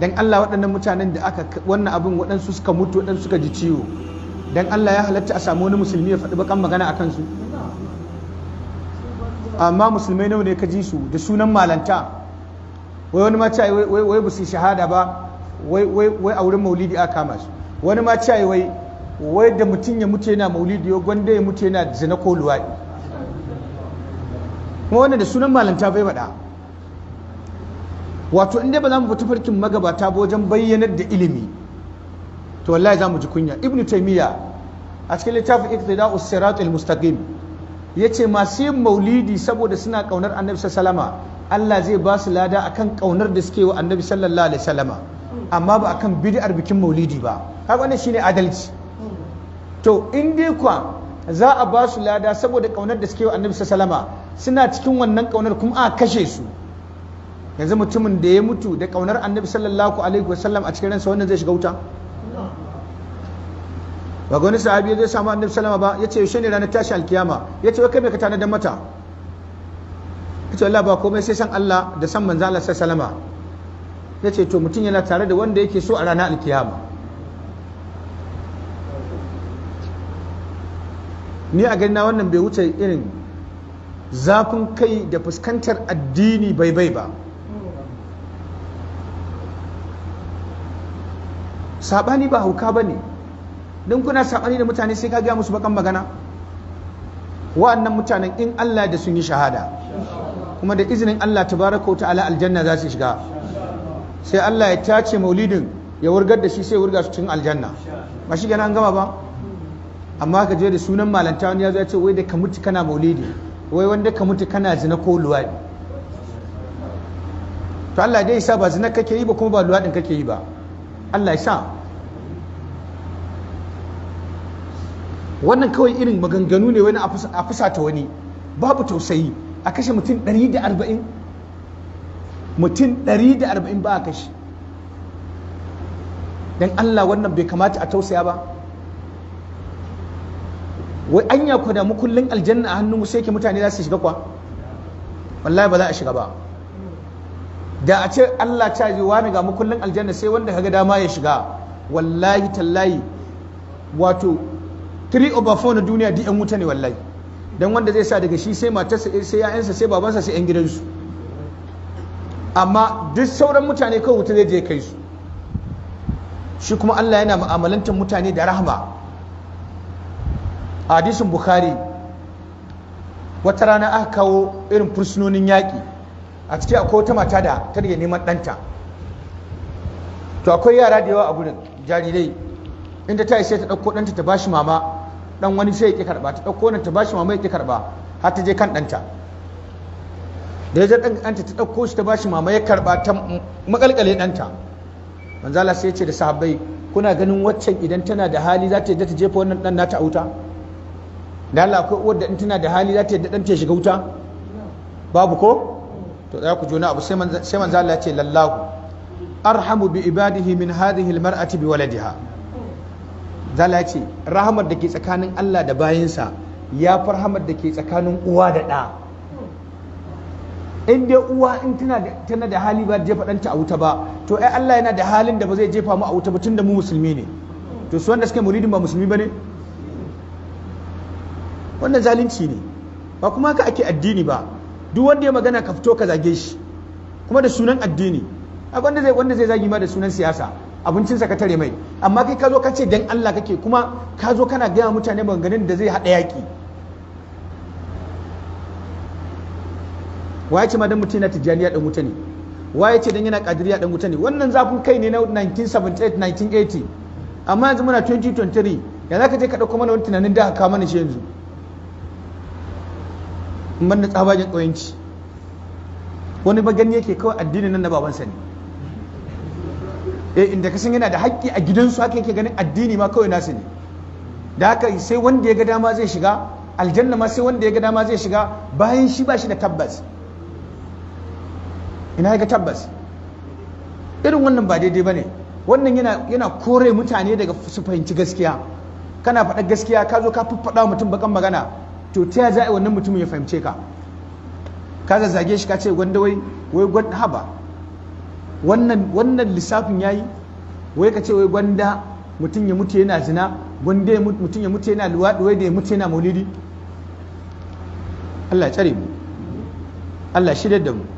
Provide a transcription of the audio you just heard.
dan Allah waɗannan mutanen da aka wannan abin waɗansu suka mutu waɗansu suka ji ciwo dan Allah ya halatta a samu wani musulmi ya faɗi bakan magana akan su amma musulmai nawa ne ka ji su da sunan malanta wai wani ma ce wai wai ba su shahada ba wai wai wai a wurin maulidi aka kama su wani ma ce wai wai da mutum ya mutu yana maulidi ya gwanda ya mutu yana zina ko luwaɗi kuma wannan da sunan malanta bai faɗa wato inda ba za mu fita farkin magabata ba wajen bayyanar da ilimi to wallahi za mu ji kunya ibn taymiya a cikin littafin iqtida'u Siratu al-mustaqim yace masu yin maulidi saboda suna kaunar annabi sallama Allah zai ba su lada akan kaunar da suke wa annabi sallallahu alaihi wasallama amma ba akan bid'ar bikin maulidi ba kaga wannan shine adalci to in dai kwa za a ba su lada saboda kaunar da suke wa annabi sallallahu alaihi wasallama suna cikin wannan kaunar kuma a kashe su yanzu mutumin da ya mutu da kaunar annabi sallallahu alaihi wasallam a cikin ransa wannan zai shiga wuta ba gani sahabi zai samu annabi sallama ba ya ce yaushe ne ranar tashi alkiyama ya ce kai mai ka tanadar mata ya ce Allah ba komai sai san Allah da san manzo Allah sallama ya ce to mutum yana tare da wanda yake so a ranar alkiyama ni a ganina wannan bai wuce irin zafin kai da fuskantar addini bai bai ba sabani ba hauka ba ne don kuna saɓani da mutane sai ka gaya musu bakan magana wa'annan mutanen in Allah da sun yi shahada kuma da izinin Allah ta wa ta'ala aljanna za su shiga sai Allah ya tace maulidin ya wurgar da shi sai wurga su cikin aljanna ba shi gana an gama ba amma ka je da sunan malanta wani ya zo ya ce wai da ka mutu kana maulidi wai wanda ka mutu kana zina ko luwaɗi to Allah dai sa ba zina kake yi ba kuma ba luwaɗin kake yi ba Allah ya sa wannan kawai irin maganganu ne wani a fusata wani babu tausayi a kashe mutum 140 mutum 140 ba a kashe don Allah wannan bai kamata a tausaya ba wai an ya kwada mu kullun aljanna a hannun sai ke mutane za su shiga kwa wallahi ba za a shiga ba da a ce Allah ta ji wani ga mu kullun aljanna sai wanda kaga dama ya shiga wallahi tallahi wato 3 over 4 na duniya duk yan wuta ne wallahi dan wanda zai sa daga shi sai matarsa sai yayansa sai babansa sai yan gidansu amma duk sauran mutane kawai wuta zai je kai su shi kuma Allah yana mu'amalantar mutane da rahama A hadisin bukhari wata rana aka kawo irin fursunonin yaƙi a ciki akwai wata mata da ta rage neman ɗanta to akwai yara da yawa a gudun jarirai inda ta yi sai ta ɗauko ɗanta ta ba shi mama dan wani sai ya karba ta dauko nan ta bashi mama ya karba har ta je kan danta da ya dan anta ta dauko shi ta bashi mama ya karba ta makalkale danta manzo Allah sai ya ce da sahabbai kuna ganin waccan idan tana da hali za ta yadda ta jefa wannan dan nata a wuta da Allah akwai uwar da in tana da hali za ta yadda dan ta shiga wuta babu ko to za ku jona abu sai manzo Allah ya ce lallahu arhamu bi ibadihi min hadhihi almar'ati bi waladiha zala ce rahamar da ke tsakanin Allah da bayansa ya fi rahamar da ke tsakanin uwa da ɗa in dai uwa in tana da hali ba jefa ɗanta a wuta ba to ai Allah yana da halin da ba zai jefa mu a wuta ba tun da mu musulmi ne to su wanda suke muridin ba musulmi ba ne wannan zalunci ne ba kuma haka ake addini ba duk wanda ya magana ka fito ka zage shi kuma da sunan addini wanda zai wanda zai zagi ma da sunan siyasa abincinsa ka tare mai amma kai ka zo ka ce dan Allah kake kuma ka zo kana gaya mutane maganganun da zai haɗa yaƙi ya ce ma dan mutum yana tijjaniya dan wuta ne ya ce dan yana kadiriya dan wuta ne wannan zafin kai ne na 1978 1980 amma yanzu muna 2023 yanzu ka je ka dauko mana wani tunanin da ka mana shi yanzu man da tsabagen ƙoyanci wani bagani yake kawai addinin nan na babansa ne eh inda kasan yana da haƙƙi a gidansu haka yake ganin addini ma kawai nasu ne da haka sai wanda ya ga dama zai shiga aljanna ma sai wanda ya ga dama zai shiga bayan shi ba shi da tabbas ina ya ga tabbas irin wannan ba daidai ba ne wannan yana kore mutane daga su fahimci gaskiya kana faɗa gaskiya ka zo ka wa mutum bakan magana to ta ya za wannan mutumin ya fahimce ka ka zazzage shi ka ce gwanda wai wai haba wannan lissafin lissafin yayi wai ka ce wai gwanda mutum ya mutu yana zina gwanda mutum ya mutu yana luwaɗi wai da ya mutu yana maulidi Allah ya tsare mu Allah shirya da mu